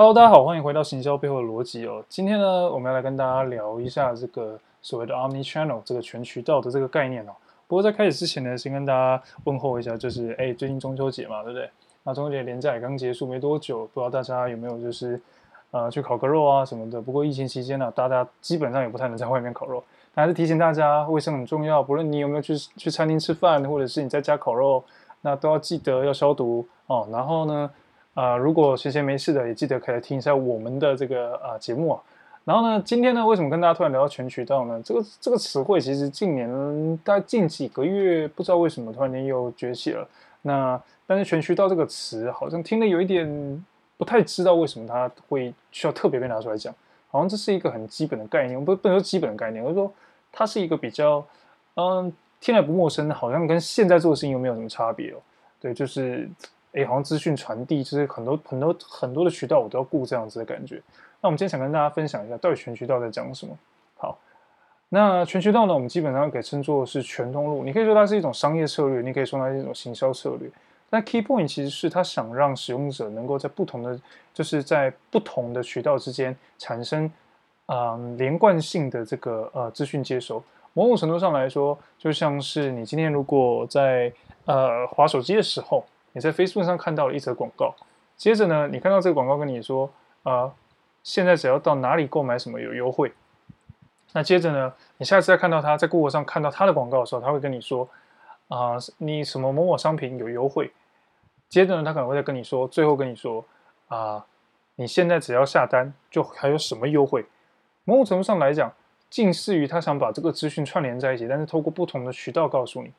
Hello，大家好，歡迎回到行銷背後的邏輯哦。今天呢，我們要來跟大家聊一下這個所謂的 Omni Channel 這個全渠道的這個概念哦。不過在開始之前呢，先跟大家問候一下，就是哎，最近中秋節嘛，對不對？那中秋節連假也剛結束沒多久，不知道大家有沒有就是呃去烤個肉啊什麼的。不過疫情期間呢、啊，大家基本上也不太能在外面烤肉，那還是提醒大家衛生很重要。不論你有沒有去去餐廳吃飯，或者是你在家烤肉，那都要記得要消毒哦。然後呢，啊、呃，如果閒閒沒事的，也記得可以來聽一下我們的這個啊、呃、節目啊。然後呢，今天呢，為什麼跟大家突然聊到全渠道呢？這個這個詞彙其實近年大概近幾個月，不知道為什麼突然間又崛起了。那但是全渠道這個詞，好像聽了有一點不太知道為什麼它會需要特別被拿出來講，好像這是一個很基本的概念，不不能說基本的概念，而是說它是一個比較嗯聽來不陌生，好像跟現在做的事情又沒有什麼差別哦。對，就是。哎，好像資訊傳遞就是很多很多很多的渠道，我都要顧這樣子的感覺。那我們今天想跟大家分享一下，到底全渠道在講什麼？好，那全渠道呢，我們基本上給稱作是全通路。你可以說它是一種商業策略，你可以說它是一種行銷策略。那 key point 其實是它想讓使用者能夠在不同的，就是在不同的渠道之間產生啊、呃、連貫性的這個呃資訊接收。某種程度上來說，就像是你今天如果在呃滑手機的時候。你在 Facebook 上看到了一則廣告，接着呢，你看到這個廣告跟你說啊、呃，現在只要到哪裡購買什麼有優惠，那接着呢，你下次再看到他在 Google 上看到他的廣告的時候，他會跟你說啊、呃，你什麼某某商品有優惠，接着呢，他可能會再跟你說，最後跟你說啊、呃，你現在只要下單就還有什麼優惠，某種程度上來講，近似於他想把這個資訊串聯在一起，但是透過不同的渠道告訴你。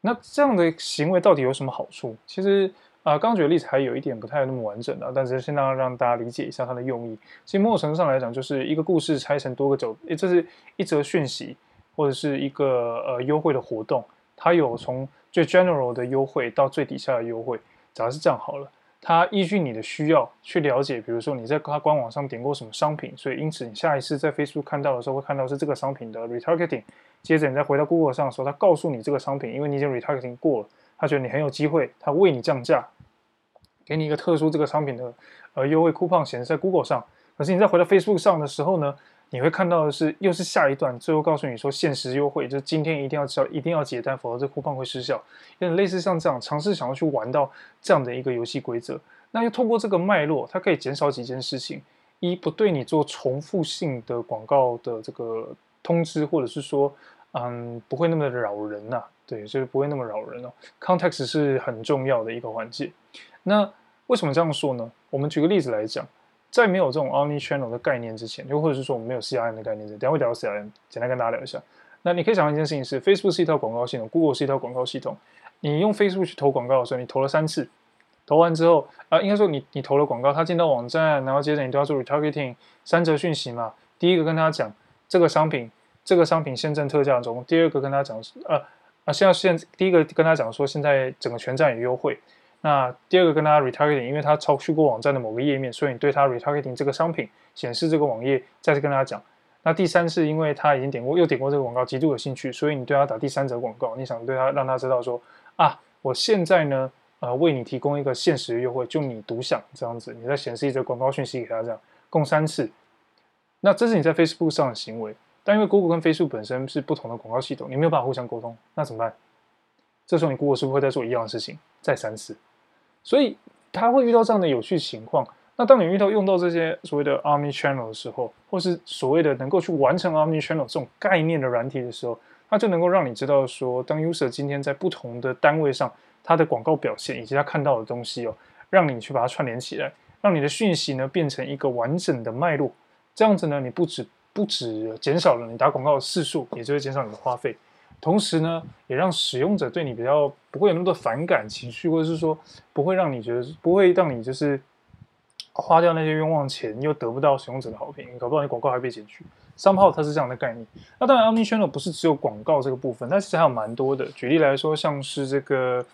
那這樣的行為到底有什麼好處？其實啊，剛舉的例子還有一點不太那麼完整啊，但是現在要讓大家理解一下它的用意。其實某種程度上來講，就是一個故事拆成多個角，誒、欸，這是一則訊息或者是一個呃優惠的活動，它有從最 general 的優惠到最底下的優惠，只要是這樣好了。他依據你的需要去了解，比如說你在他官網上點過什麼商品，所以因此你下一次在 Facebook 看到的時候會看到是這個商品的 retargeting。接着你再回到 Google 上的時候，他告訴你這個商品，因為你已經 retargeting 過了，他覺得你很有機會，他為你降價，給你一個特殊這個商品的呃優惠 coupon 顯示在 Google 上。可是你再回到 Facebook 上的時候呢？你會看到的是，又是下一段，最後告訴你說限時優惠，就是今天一定要交，一定要結單，否則這 coupon 會失效。有點類似像這樣，嘗試想要去玩到這樣的一個遊戲規則。那又通過這個脈絡，它可以減少幾件事情：一不對你做重複性的廣告的這個通知，或者是說，嗯，不會那麼的擾人吶。對，就是不會那麼擾人哦。Context 是很重要的一個環節。那為什麼這樣說呢？我們舉個例子來講。在沒有這種 omni channel 的概念之前，又或者是說我們沒有 CRM 的概念等一下會聊 CRM，簡單跟大家聊一下。那你可以想到一件事情是，Facebook 是一套廣告系統，Google 是一套廣告系統。你用 Facebook 去投廣告的時候，你投了三次，投完之後啊、呃，應該說你你投了廣告，它進到網站，然後接着你都要做 retargeting 三則訊息嘛。第一個跟他講這個商品，這個商品現正特價中。第二個跟他講呃啊，現在現第一個跟他講說現在整個全站有優惠。那第二個跟他 retargeting，因為他超去過網站的某個頁面，所以你對他 retargeting 這個商品顯示這個網頁。再次跟他講，那第三是因為他已經點過又點過這個廣告，極度有興趣，所以你對他打第三則廣告，你想對他讓他知道說啊，我現在呢呃為你提供一個限時優惠，就你獨享這樣子，你再顯示一則廣告訊息給他這樣，共三次。那這是你在 Facebook 上的行為，但因為 Google 跟 Facebook 本身是不同的廣告系統，你沒有辦法互相溝通，那怎麼辦？這時候你 Google 是不是會再做一樣的事情，再三次。所以他會遇到這樣的有趣情況。那當你遇到用到這些所謂的 omni-channel 的時候，或是所謂的能夠去完成 omni-channel 這種概念的軟體的時候，那就能夠讓你知道說，當 user 今天在不同的單位上，他的廣告表現以及他看到的東西哦，讓你去把它串聯起來，讓你的訊息呢變成一個完整的脈絡。這樣子呢，你不止不止減少了你打廣告的次數，也就會減少你的花費。同時呢，也讓使用者對你比較不會有那麼多反感情緒，或者是說不會讓你覺得不會讓你就是花掉那些冤枉錢，又得不到使用者的好評，搞不好你廣告還被剪去。三號它是這樣的概念。那當然 a m n Channel 不是只有廣告這個部分，它其實還有蠻多的。舉例來說，像是這個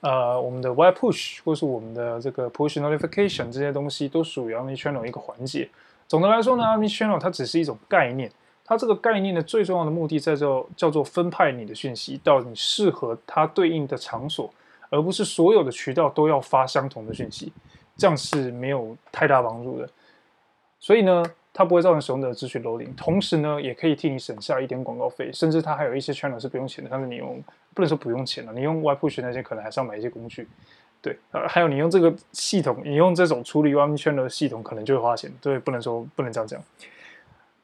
呃我們的 Web Push 或是我們的這個 Push Notification 這些東西，都屬於 a m n Channel 一個環節。總的來說呢 a m n Channel 它只是一種概念。它這個概念的最重要的目的，在這叫叫做分派你的訊息到你適合它對應的場所，而不是所有的渠道都要發相同的訊息，這樣是沒有太大幫助的。所以呢，它不會造成使用者資訊 loading，同時呢，也可以替你省下一點廣告費，甚至它還有一些 channel 是不用錢的，但是你用不能說不用錢了，你用 web push 那些可能還是要買一些工具，對，呃，還有你用這個系統，你用這種處理 omni channel 系統可能就會花錢，對，不能說不能這樣講。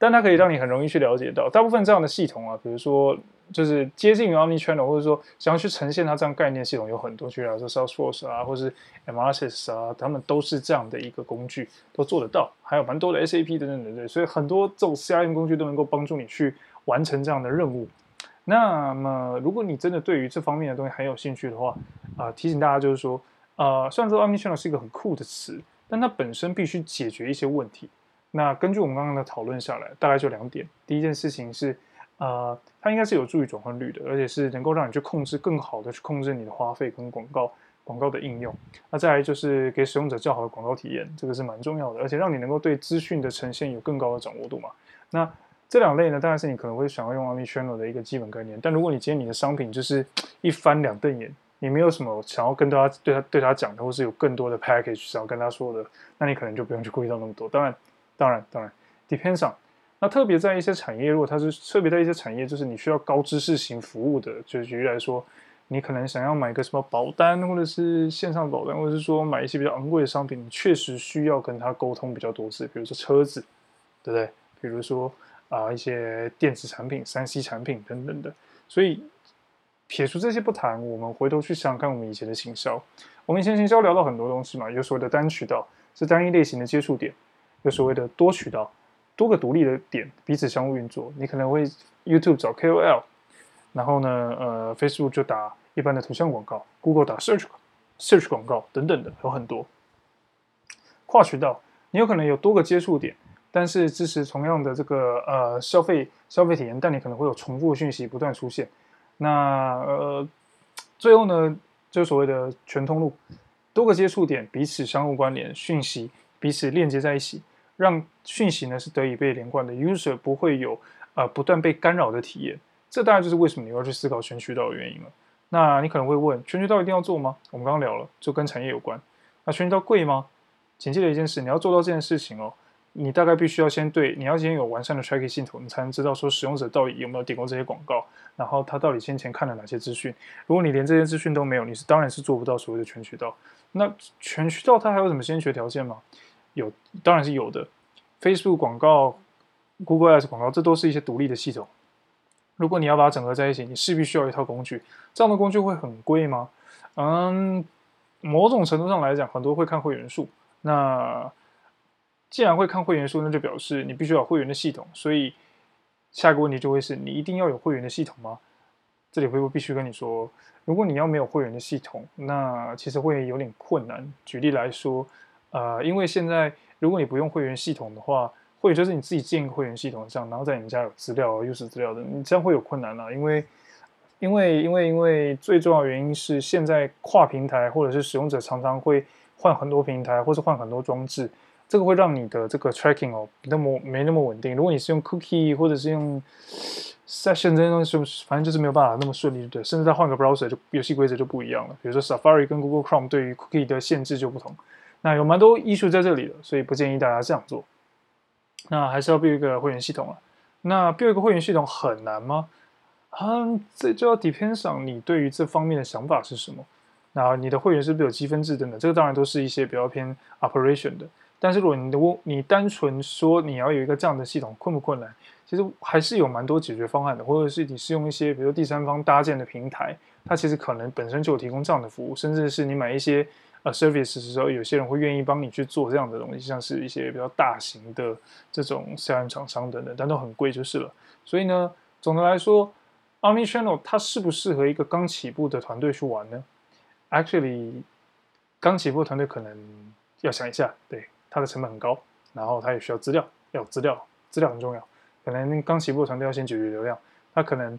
但它可以讓你很容易去了解到，大部分這樣的系統啊，比如說就是接近於 Omni Channel，或者說想要去呈現它這樣概念，系統有很多，比如說 Salesforce 啊，或者是 MRS 啊，他們都是這樣的一個工具，都做得到。還有蠻多的 SAP 等等等等，所以很多這種 CRM 工具都能夠幫助你去完成這樣的任務。那麼，如果你真的對於這方面的東西很有興趣的話，啊、呃，提醒大家就是說，啊、呃，雖然說 Omni Channel 是一個很酷的詞，但它本身必須解決一些問題。那根據我們剛剛的討論下來，大概就兩點。第一件事情是，呃，它應該是有助於轉換率的，而且是能夠讓你去控制更好的去控制你的花費跟廣告廣告的應用。那、啊、再來就是給使用者較好的廣告體驗，這個是蠻重要的，而且讓你能夠對資訊的呈現有更高的掌握度嘛。那這兩類呢，當然是你可能會想要用 Omni Channel 的一個基本概念。但如果你今天你的商品就是一翻兩瞪眼，你沒有什麼想要跟大家對他對它講的，或是有更多的 package 想要跟他說的，那你可能就不用去顧慮到那麼多。當然。當然，當然，depends on。那特別在一些產業，如果它是特別在一些產業，就是你需要高知識型服務的，就舉例來說，你可能想要買個什麼保單，或者是線上保單，或者是說買一些比較昂貴的商品，你確實需要跟他溝通比較多次，比如說車子，對不對？比如說啊、呃，一些電子產品、三 C 產品等等的。所以撇除這些不談，我們回頭去想想看，我們以前的行銷，我們以前行銷聊到很多東西嘛，有所謂的單渠道，是單一類型的接觸點。有所謂的多渠道，多個獨立的點彼此相互運作，你可能會 YouTube 找 KOL，然後呢，呃，Facebook 就打一般的圖像廣告，Google 打 Search，Search 廣告等等的有很多。跨渠道，你有可能有多個接觸點，但是支持同樣的這個呃消費消費體驗，但你可能會有重複訊息不斷出現。那呃，最後呢，就所謂的全通路，多個接觸點彼此相互關聯，訊息彼此鏈接在一起。讓訊息呢是得以被連貫的，user 不會有呃不斷被干擾的體驗，這大概就是為什麼你要去思考全渠道的原因了。那你可能會問，全渠道一定要做嗎？我們剛剛聊了，就跟產業有關。那全渠道貴嗎？請記得一件事，你要做到這件事情哦，你大概必須要先對，你要先有完善的 tracking 系統，你才能知道說使用者到底有沒有點過這些廣告，然後他到底先前看了哪些資訊。如果你連這些資訊都沒有，你是當然是做不到所謂的全渠道。那全渠道它還有什麼先決條件嗎？有，當然是有的。Facebook 廣告、Google Ads 廣告，這都是一些獨立的系統。如果你要把它整合在一起，你勢必需要一套工具。這樣的工具會很貴嗎？嗯，某種程度上來講，很多人會看會員數。那既然會看會員數，那就表示你必須有會員的系統。所以，下一個問題就會是你一定要有會員的系統嗎？這裡會不會必須跟你說，如果你要沒有會員的系統，那其實會有點困難。舉例來說。呃，因為現在如果你不用會員系統的話，或者就是你自己建一個會員系統這樣，然後在你們家有資料、又是資料的，你這樣會有困難啊。因為，因為，因為，因為最重要的原因是現在跨平台或者是使用者常常會換很多平台，或是換很多裝置，這個會讓你的這個 tracking 哦，那麼沒那麼穩定。如果你是用 cookie 或者是用 session 這種東西，反正就是沒有辦法那麼順利，對，甚至在換個 browser 就遊戲規則就不一樣了。比如說 Safari 跟 Google Chrome 對於 cookie 的限制就不同。那有蠻多藝術在這裡的，所以不建議大家這樣做。那還是要 build 一個會員系統了、啊。那 build 一個會員系統很難嗎？嗯，這就要 depends 上你對於這方面的想法是什麼。那你的會員是不是有積分制等等？這個、當然都是一些比較偏 operation 的。但是如果你問你單純說你要有一個這樣的系統，困不困難？其實還是有蠻多解決方案的，或者是你是用一些比如說第三方搭建的平台，它其實可能本身就有提供這樣的服務，甚至是你買一些。啊 service 的時候，有些人會願意幫你去做這樣的東西，像是一些比較大型的這種 CRM 廠商等等，但都很貴就是了。所以呢，總的來說 Omni Channel 它適不適合一個剛起步的團隊去玩呢？Actually，剛起步的團隊可能要想一下，對，它的成本很高，然後它也需要資料，要有資料，資料很重要。可能剛起步的團隊要先解決流量，它可能。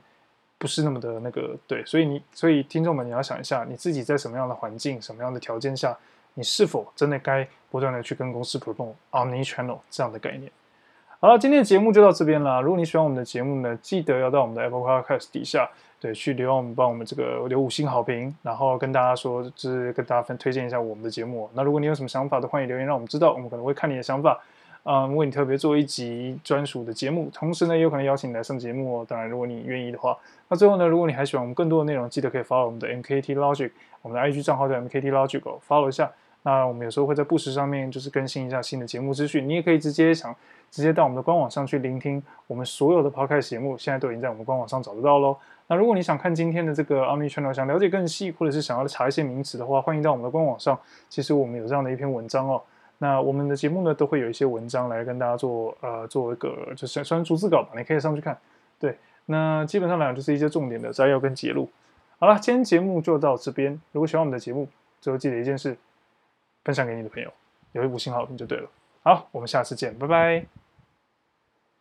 不是那麼的那個對，所以你，所以聽眾們，你要想一下，你自己在什麼樣的環境、什麼樣的條件下，你是否真的該不斷的去跟公司 promote omni channel 這樣的概念。好了，今天的節目就到這邊了。如果你喜歡我們的節目呢，記得要到我們的 Apple Podcast 底下，對，去留言我們幫我們這個留五星好評，然後跟大家說，就是跟大家分享一下我們的節目。那如果你有什麼想法的，都歡迎留言讓我們知道，我們可能會看你的想法。啊、嗯，為你特別做一集專屬的節目，同時呢，也有可能邀請你來上節目哦。當然，如果你願意的話，那最後呢，如果你還喜歡我們更多的內容，記得可以 follow 我們的 MKT Logic，我們的 IG 賬號叫 MKT Logic，follow、哦、一下。那我們有時候會在 Firstory 上面就是更新一下新的節目資訊，你也可以直接想直接到我們的官網上去聆聽我們所有的 podcast 節目，現在都已經在我們官網上找得到嘍。那如果你想看今天的這個 Omni Channel，想了解更細，或者是想要查一些名詞的話，歡迎到我們的官網上，其實我們有這樣的一篇文章哦。那我們的節目呢，都會有一些文章來跟大家做，呃，做一個就是算是逐字稿吧，你可以上去看。對，那基本上來講就是一些重點的摘要跟節錄。好了，今天節目就到這邊。如果喜歡我們的節目，最後記得一件事，分享給你的朋友，留一五星好評就對了。好，我們下次見，拜拜。